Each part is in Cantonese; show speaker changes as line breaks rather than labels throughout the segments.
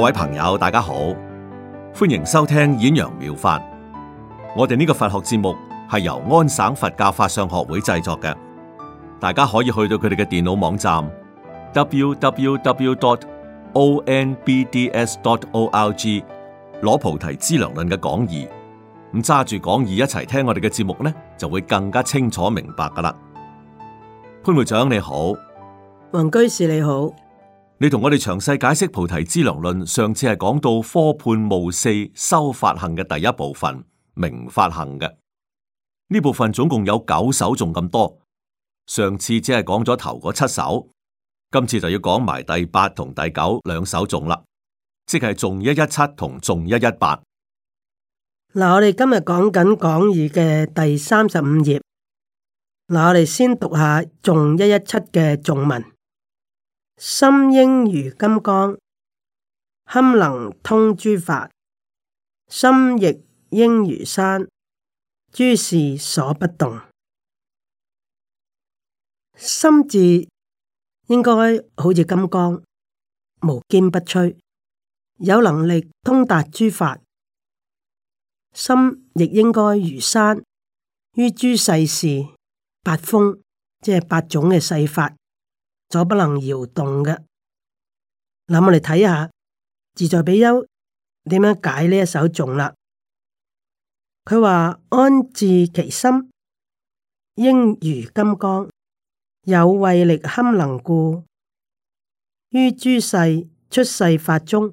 各位朋友，大家好，歡迎收聽演揚妙，妙法。我哋呢個佛學節目係由安省佛教法相學會製作嘅。大家可以去到佢哋嘅電腦網站 www.onbds.org 攞菩提資糧論嘅講義，咁揸住講義一齊聽我哋嘅節目咧，就會更加清楚明白噶啦。潘會長你好，雲居士你好。你同我哋詳細解釋《菩提資糧論》。上次係講到科判無四修法行嘅第一部分明法行嘅呢部分，總共有九首頌，咁多上次只係講咗頭嗰七首，今次就要講埋第八同第九兩首頌啦，即係頌一一七同頌一一八。
嗱，我哋今日講緊講義嘅第三十五頁，嗱，我哋先讀下頌一一七嘅頌文。心應如金剛，堪能通諸法；心亦應如山，諸事所不動。心智應該好似金剛，無堅不摧，有能力通達諸法。心亦應該如山，於諸世事八風，即係八種嘅世法。所不能搖動嘅，咁我哋睇下自在比丘點樣解呢一首頌啦。佢話安置其心，應如金剛，有慧力堪能故，於諸世出世法中，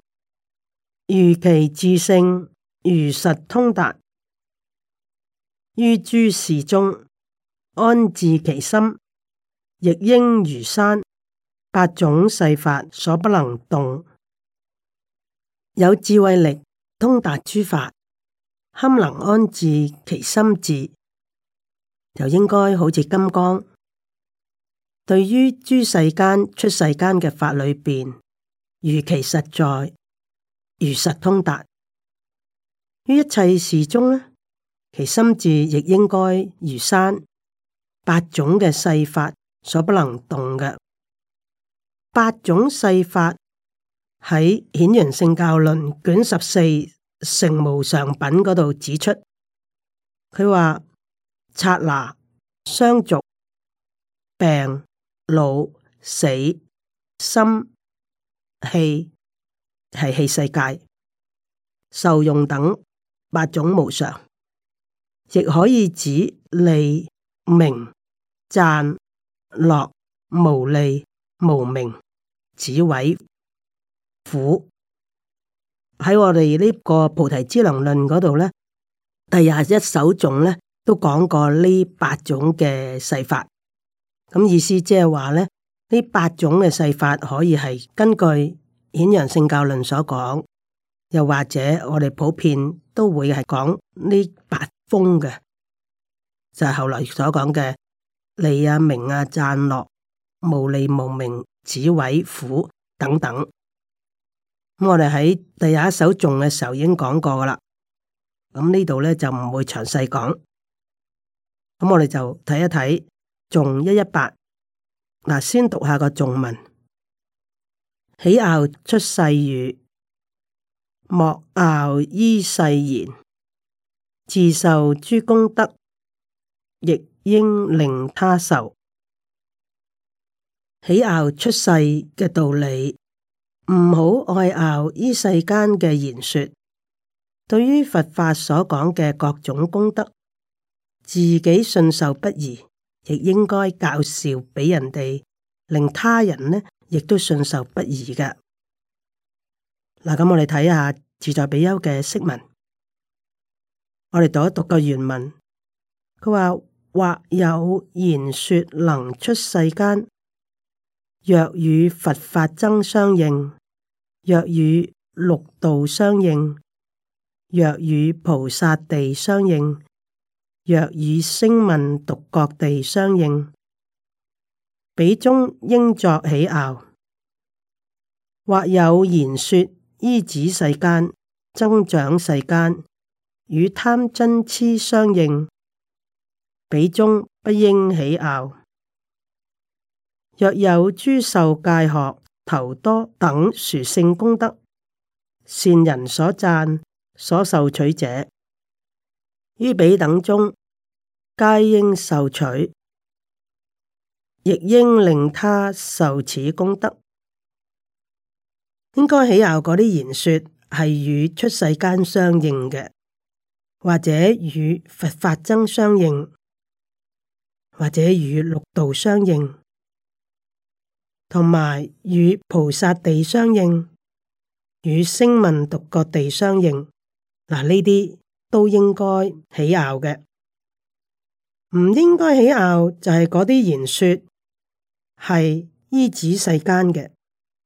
如其自性如實通達，於諸事中安置其心，亦應如山。八種世法所不能動，有智慧力通達諸法，堪能安置其心智，就應該好似金剛，對於諸世間出世間嘅法裏邊，如其實在，如實通達於一切時中咧，其心智亦應該如山，八種嘅世法所不能動嘅。八種世法喺顯揚聖教論卷十四成無常品嗰度指出，佢話剎那、相續、病、老、死、心、器係器世界、受用等八種無常，亦可以指利、名、讚、樂、無利、無名。智慧苦喺我哋呢個菩提資糧論嗰度咧，第廿一首頌咧都講過呢八種嘅世法。咁意思即係話咧，呢八種嘅世法可以係根據顯揚聖教論所講，又或者我哋普遍都會係講呢八風嘅，就係、是、後來所講嘅利啊、名啊、讚樂、無利無名。子位虎等等，咁我哋喺第一首誦嘅時候已經講過噶啦，咁呢度咧就唔會詳細講，咁我哋就睇一睇誦一一八，嗱先讀下個誦文：起傲出世語，莫傲依世言，自受諸功德，亦應令他受。起拗出世嘅道理，唔好愛拗依世間嘅言說。對於佛法所講嘅各種功德，自己信受不疑，亦應該教授畀人哋，令他人呢亦都信受不疑嘅。嗱，咁我哋睇下自在比丘嘅釋文，我哋讀一讀個原文。佢話或有言說能出世間。若與佛法僧相應，若與六道相應，若與菩薩地相應，若與聲聞獨覺地相應，彼中應作起傲；或有言說，依止世間，增長世間，與貪嗔痴相應，彼中不應起傲。若有諸受戒學、頭多等殊勝功德，善人所贊、所受取者，於彼等中皆應受取，亦應令他受此功德。應該起效嗰啲言說，係與出世間相應嘅，或者與佛法僧相應，或者與六道相應。同埋與菩薩地相應，與聲聞獨覺地相應，嗱呢啲都應該起拗嘅。唔應該起拗就係嗰啲言說係依止世間嘅，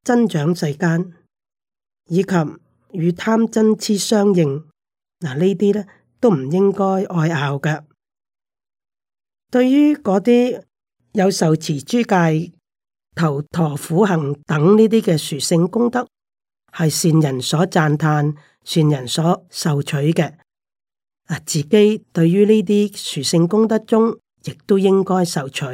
增長世間，以及與貪嗔痴相應，嗱呢啲咧都唔應該愛拗嘅。對於嗰啲有受持諸戒。頭陀，陀苦行等呢啲嘅殊勝功德，係善人所讚歎、善人所受取嘅。啊，自己對於呢啲殊勝功德中，亦都應該受取。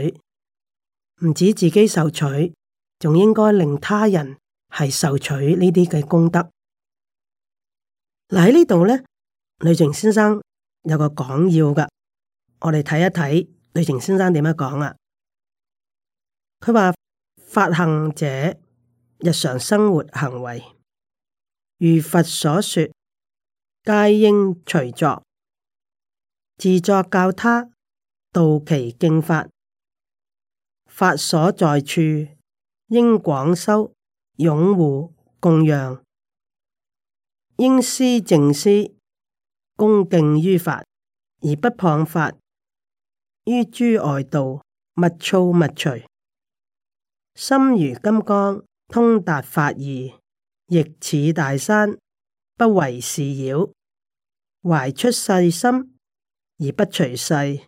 唔止自己受取，仲應該令他人係受取呢啲嘅功德。嗱喺呢度咧，呂澂先生有個講要噶，我哋睇一睇呂澂先生點樣講啊。佢話。法行者日常生活行為，如佛所說，皆應隨作，自作教他，道其敬法。法所在處，應廣修擁護供養，應思正思，恭敬於法，而不謗法。於諸外道，勿躁勿隨。心如金剛，通達法義，亦似大山，不為事擾，懷出世心而不隨世，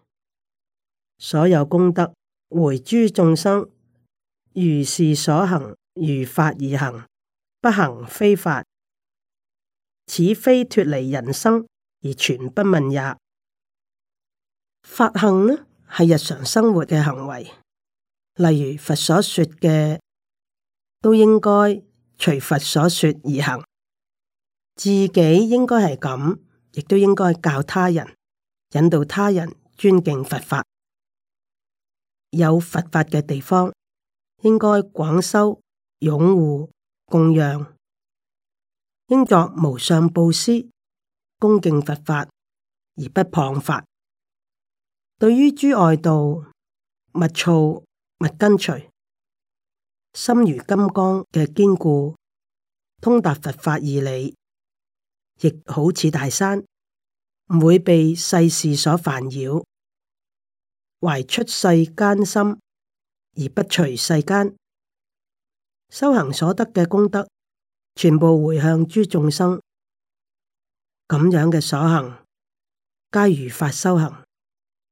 所有功德回諸眾生，如是所行如法而行，不行非法，此非脱離人生而全不問也。法行呢係日常生活嘅行為。例如佛所說嘅，都應該隨佛所說而行，自己應該係咁，亦都應該教他人，引導他人尊敬佛法。有佛法嘅地方，應該廣修擁護供養，應作無上布施，恭敬佛法而不謗法。對於諸外道，勿躁。勿根除心如金剛嘅堅固，通達佛法義理，亦好似大山，唔會被世事所煩擾，懷出世間心而不隨世間，修行所得嘅功德，全部回向諸眾生。咁樣嘅所行皆如法修行，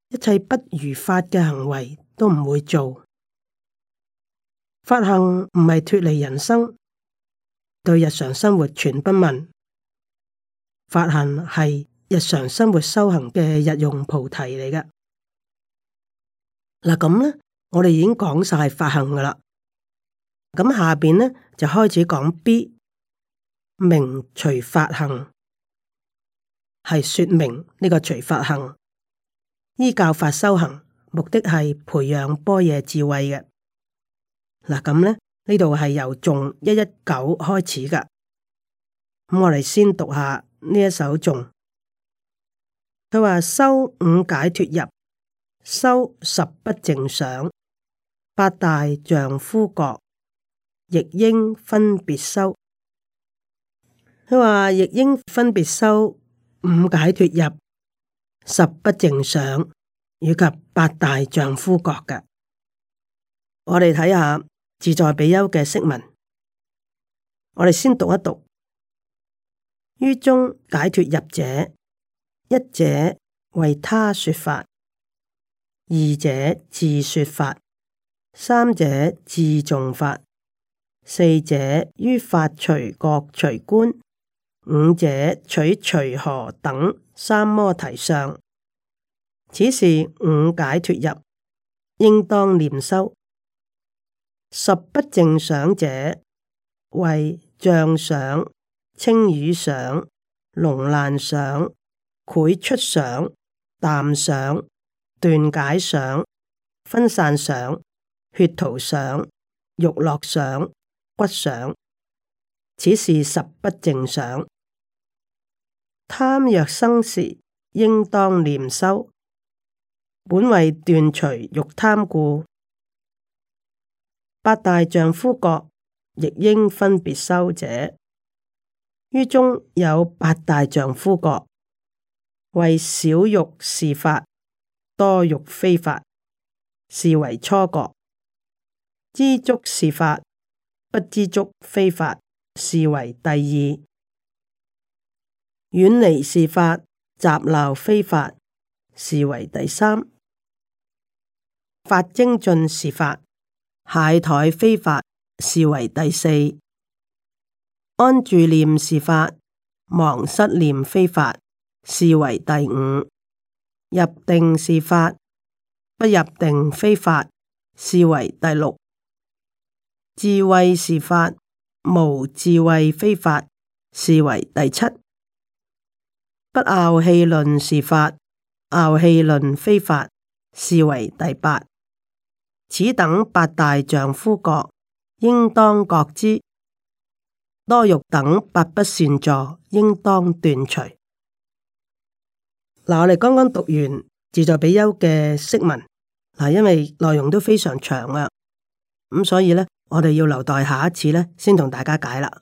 一切不如法嘅行為都唔會做。法行唔係脫離人生，對日常生活全不問。法行係日常生活修行嘅日用菩提嚟㗎。嗱咁咧，我哋已經講晒法行㗎喇。咁下邊咧就開始講 B 明除法行，係說明呢個除法行依教法修行，目的係培養般若智慧嘅。嗱咁咧，呢度係由頌一一九開始㗎，咁，嗯，我哋先讀下呢一首頌。佢話，修五解脫入，修十不正常。八大丈夫覺，亦應分別修。佢話，亦應分別修五解脫入、十不正常、以及八大丈夫覺嘅。我哋睇下。自在比丘嘅釋文，我哋先讀一讀。於中解脫入者，一者為他說法，二者自說法，三者自重法，四者於法隨覺隨觀，五者取隨何等三摩提相。」此是「五解脫入」，應當念修。十不正想者，謂脹想、青瘀想、龍爛想、潰出想、淡想、斷解想、分散想、血塗想、肉落想、骨想。此是十不正想，貪若生時，應當念修。本為斷除欲貪故。八大丈夫國亦應分別修者，於中有八大丈夫國，為少欲是法，多欲非法，是為初國；知足是法，不知足非法，是為第二；遠離是法，雜鬧非法，是為第三；法精進是法。懈怠非法是為第四，安住念是法，忘失念非法是為第五，入定是法，不入定非法是為第六，智慧是法，無智慧非法是為第七，不傲氣論是法，傲氣論非法是為第八。此等八大丈夫覺，應當覺知；多欲等八不善助，應當斷除。嗱、嗯，我哋剛剛讀完自在比丘嘅釋文，嗱、嗯，因為內容都非常長啊，咁、嗯、所以咧，我哋要留待下一次咧，先同大家解啦。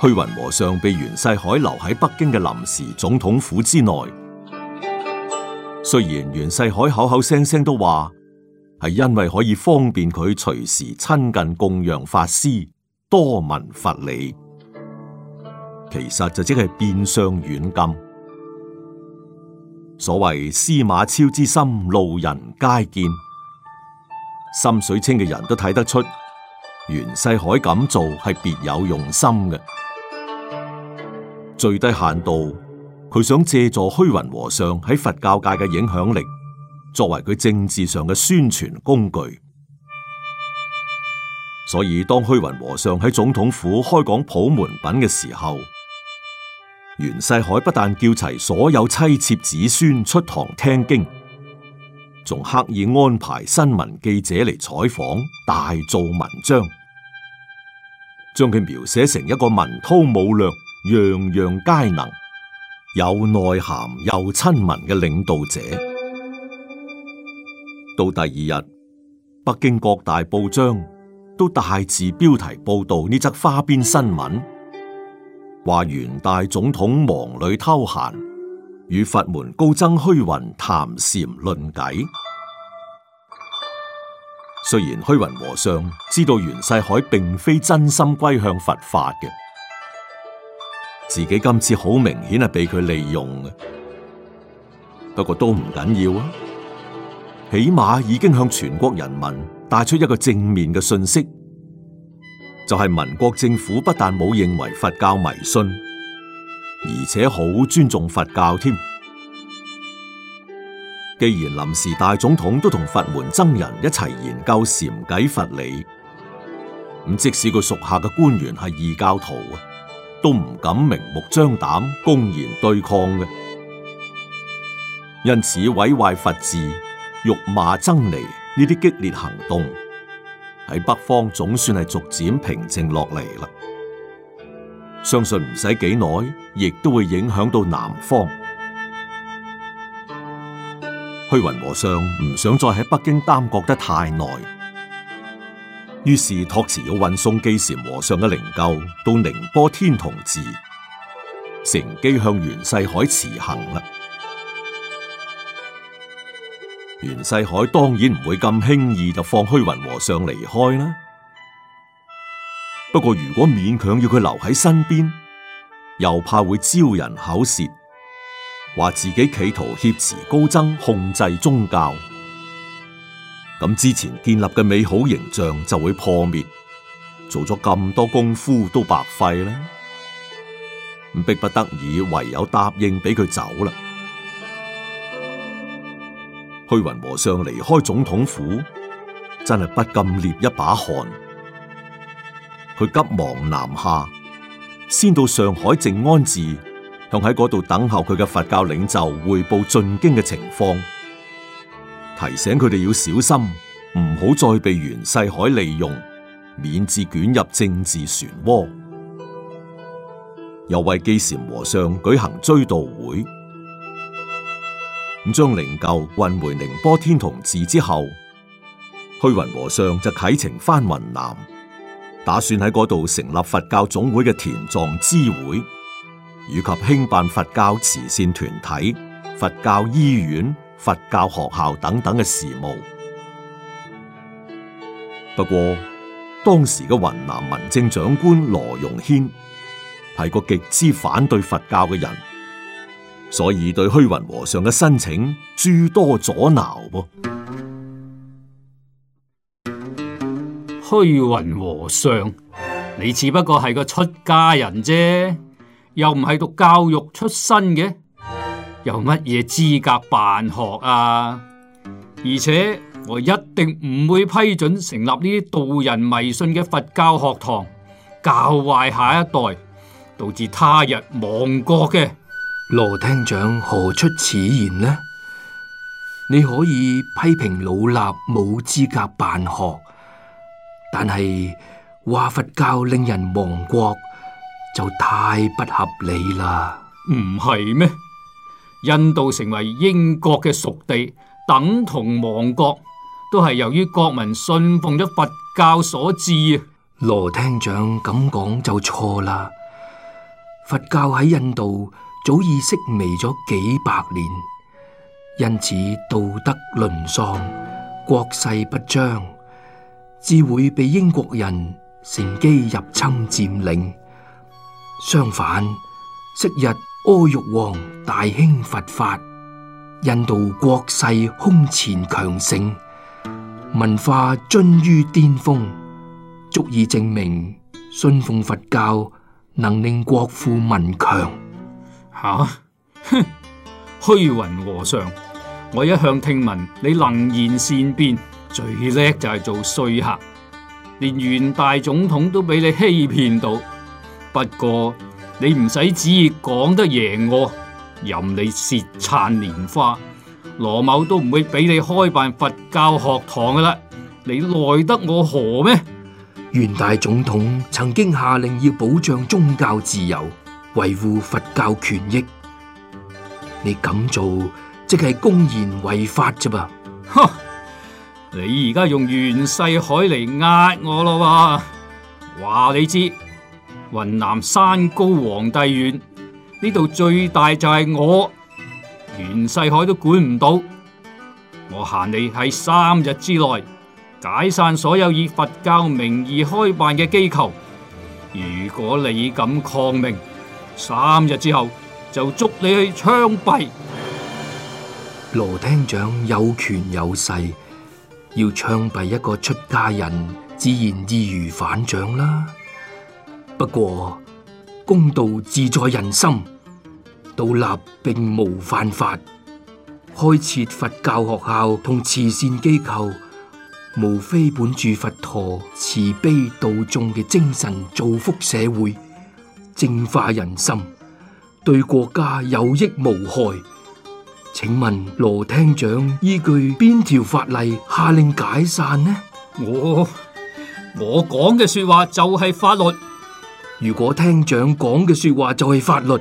虛雲和尚被袁世凱留喺北京嘅臨時總統府之內，雖然袁世凱口口聲聲都話係因為可以方便佢隨時親近供養法師，多聞佛理，其實就即係變相軟禁。所謂司馬昭之心，路人皆見，心水清嘅人都睇得出袁世凱咁做係別有用心嘅。最低限度，佢想借助虛雲和尚喺佛教界嘅影響力，作為佢政治上嘅宣傳工具。所以，當虛雲和尚喺總統府開講普門品嘅時候，袁世凱不但叫齊所有妻妾子孫出堂聽經，仲刻意安排新聞記者嚟採訪，大做文章，將佢描寫成一個文韜武略。樣樣皆能，有內涵又親民嘅領導者。到第二日，北京各大報章都大字標題報道呢則花邊新聞，話袁大總統忙裏偷閒，與佛門高僧虛雲談禪論偈。雖然虛雲和尚知道袁世凱並非真心歸向佛法嘅。自己今次好明顯係被佢利用嘅，不過都唔緊要啊，起碼已經向全國人民帶出一個正面嘅信息，就係民國政府不但冇認為佛教迷信，而且好尊重佛教添。既然臨時大總統都同佛門僧人一齊研究禪偈佛理，咁即使佢屬下嘅官員係異教徒啊。都唔敢明目張膽、公然對抗嘅，因此毀壞佛寺、辱罵僧尼呢啲激烈行動喺北方總算係逐漸平靜落嚟啦。相信唔使幾耐，亦都會影響到南方。虛雲和尚唔想再喺北京耽擱得太耐。於是託詞要運送基禪和尚嘅靈柩到寧波天童寺，乘機向袁世凱辭行啦。袁世凱當然唔會咁輕易就放虛雲和尚離開啦。不過如果勉強要佢留喺身邊，又怕會招人口舌，話自己企圖挾持高僧控制宗教。咁之前建立嘅美好形象就會破滅，做咗咁多功夫都白費啦。唔逼不得已，唯有答應俾佢走啦。虛雲和尚離開總統府，真係不禁捏一把汗。佢急忙南下，先到上海靜安寺，向喺嗰度等候佢嘅佛教領袖匯報進京嘅情況。提醒佢哋要小心，唔好再被袁世凱利用，免至捲入政治漩渦。又為寄禪和尚舉行追悼會，將靈柩運回寧波天童寺之後，虛雲和尚就啟程返雲南，打算喺嗰度成立佛教總會嘅滇藏支會，以及興辦佛教慈善團體、佛教醫院。佛教學校等等嘅事務，不過當時嘅雲南民政長官羅榮軒係個極之反對佛教嘅人，所以對虛雲和尚嘅申請諸多阻撓噃。
虛雲和尚，你只不過係個出家人啫，又唔係讀教育出身嘅。有乜嘢資格辦學啊？而且我一定唔會批准成立呢啲道人迷信嘅佛教學堂，教壞下一代，導致他
日亡國嘅。羅廳長何出此言呢？你可以批評老衲冇資格辦學，但係話佛教令人亡國就太不合理啦，唔係咩？印度成為英國嘅屬
地，等同亡國，都係由於國民信奉咗佛教
所致啊！羅廳長咁講就錯啦！佛教喺印度早已式微咗幾百年，因此道德淪喪，國勢不彰，至會被英國人乘機入侵佔領。相反，昔日阿育王大興佛法，印度國勢空前強盛，文化臻於巔峰，足以證明信奉佛教能令國富民強。吓、啊，哼，虛雲和尚，我
一向聽聞你能言善辯，最叻就係做說客，連元大總統都俾你欺騙到。不過。你唔使旨意講得贏我，任你舌燦蓮花，羅
某都唔會俾你開辦佛教學堂噶啦。你奈得我何咩？袁大總統曾經下令要保障宗教自由，維護佛教權益。你咁做即係公然違法啫噃？哼！你而家用袁世凱嚟呃
我咯？話你知。雲南山高皇帝遠，呢度最大就係我，袁世凱都管唔到。我限你喺三日之內解散所有以佛教名義開辦嘅機構。如果你敢抗命，三日之後就捉你去槍斃。
羅廳長有權有勢，要槍斃一個出家人，自然易如反掌啦。不過公道自在人心，獨立並無犯法。開設佛教學校同慈善機構，無非本著佛陀慈悲度眾嘅精神，造福社會，淨化人心，對國家有益無害。請問羅廳長，依據邊條法例下令解散呢？我，我講嘅說話就係法律。如果廳長講嘅說話就係法律，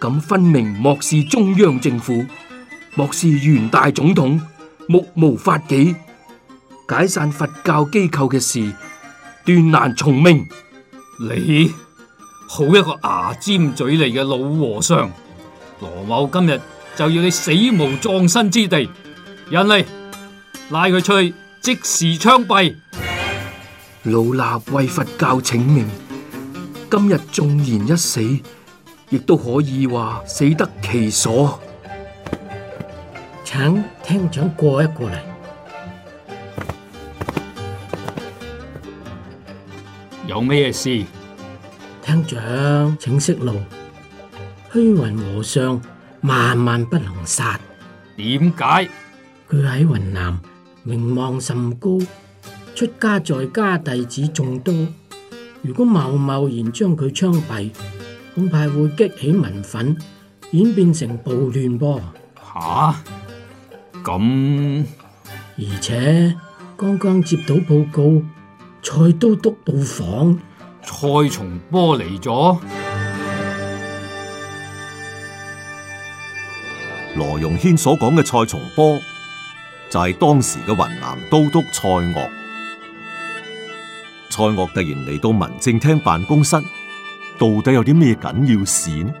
咁分明漠視中央政府，漠視袁大總統，目無法紀，解散佛教機構嘅事，斷難從命。你好一個牙尖嘴
利嘅老和尚，羅某今日就要你死無葬身之地。
人嚟，拉佢出去，即時槍斃。老衲為佛教請命。今日縱然一死，亦都可以話死得其所。請廳長過一過嚟，
有咩事？
廳長，請息怒，虛雲和尚萬萬不能殺。點解？佢喺雲南名望甚高，出家在家弟子眾多。如果貿貿然將佢槍斃，恐怕會激起民憤，演變成暴亂噃。吓，咁而且剛剛接到報告，蔡都督到訪，
蔡松波嚟咗。羅榮軒所講嘅蔡松波，就係當時嘅雲南都督蔡鍔。蔡鍔突然嚟到民政廳辦公室，到底有啲咩緊要事呢？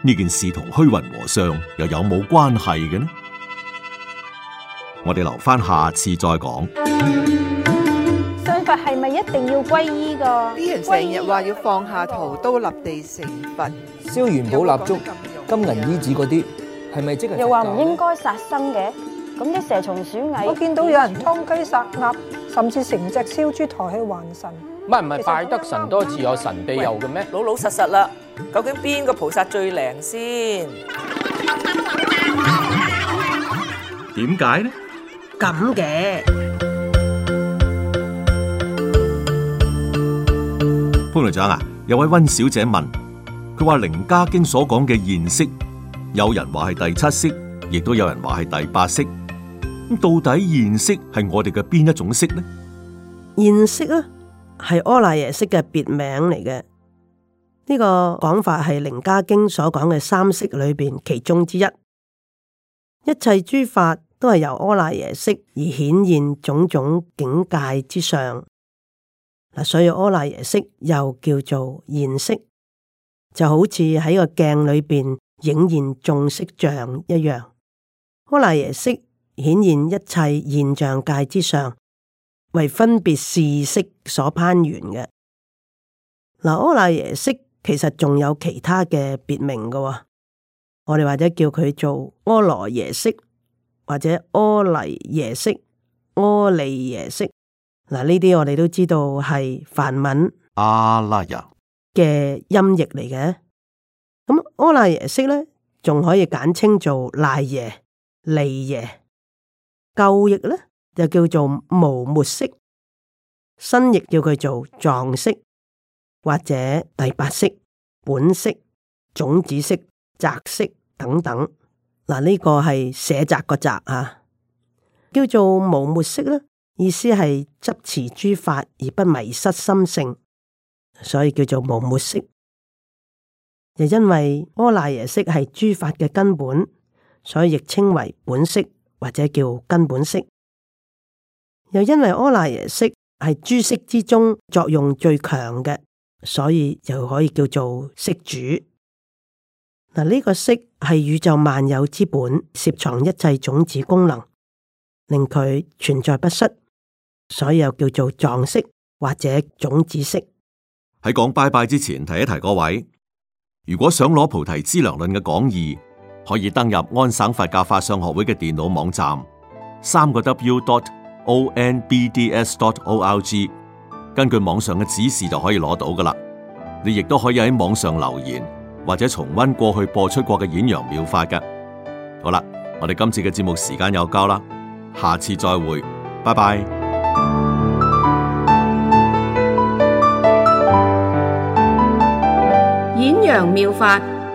呢件事同虛雲和尚又有冇關係嘅呢？我哋留翻下，下次再講。
信佛係咪一定要皈依噶？呢人成日話要放下屠刀立地成佛，燒元寶蠟燭、金銀衣紙嗰啲，係咪、嗯、即係又話
唔應該殺生嘅？咁啲、嗯、蛇蟲鼠蟻我，我見到有人殺雞殺鴨。甚至成隻燒豬抬起還神，
唔係唔係拜得神多自有神庇佑嘅咩？老老實實啦，究竟邊個菩薩最靈先？
點解呢？
咁嘅
潘隊長啊，有位温小姐問，佢話《楞伽經》所講嘅現識，有人話係第七識，亦都有人話係第八識。到底現識係我哋嘅邊一種識呢？
現識啊，係阿賴耶識嘅別名嚟嘅。呢、這個講法係《楞伽經》所講嘅三識裏邊其中之一。一切諸法都係由阿賴耶識而顯現種種境界之上。嗱，所以阿賴耶識又叫做現識，就好似喺個鏡裏邊影現眾色像一樣。阿賴耶識，顯現一切現象界之上，為分別事識所攀緣嘅。嗱，阿賴耶識其實仲有其他嘅別名嘅，我哋或者叫佢做阿羅耶識，或者阿黎耶識、阿利耶識。嗱，呢啲我哋都知道係梵文
阿拉雅
嘅音譯嚟嘅。咁阿賴耶識咧，仲可以簡稱做賴耶、利耶。舊譯呢，就叫做無沒識；新譯叫佢做藏識，或者第八識、本識、種子識、宅識等等。嗱、啊，呢、這個係舍宅個宅啊，叫做無沒識。呢意思係執持諸法而不迷失心性，所以叫做無沒識。又因為阿賴耶識係諸法嘅根本，所以亦稱為本識或者叫根本識，又因為阿賴耶識係諸識之中作用最強嘅，所以又可以叫做識主。嗱，呢個識係宇宙萬有之本，攝藏一切種子功能，令佢存在不失，所以又叫做藏識或者種子識。
喺講拜拜之前提一提，各位如果想攞《菩提資糧論》嘅講義。可以登入安省佛教法商學會嘅電腦網站，三個 w.dot.o.n.b.d.s.dot.o.r.g，根據網上嘅指示就可以攞到噶啦。你亦都可以喺網上留言或者重温過去播出過嘅演揚妙法嘅。好啦，我哋今次嘅節目時間又夠啦，下次再會，拜拜。
演揚妙法。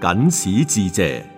僅此致謝。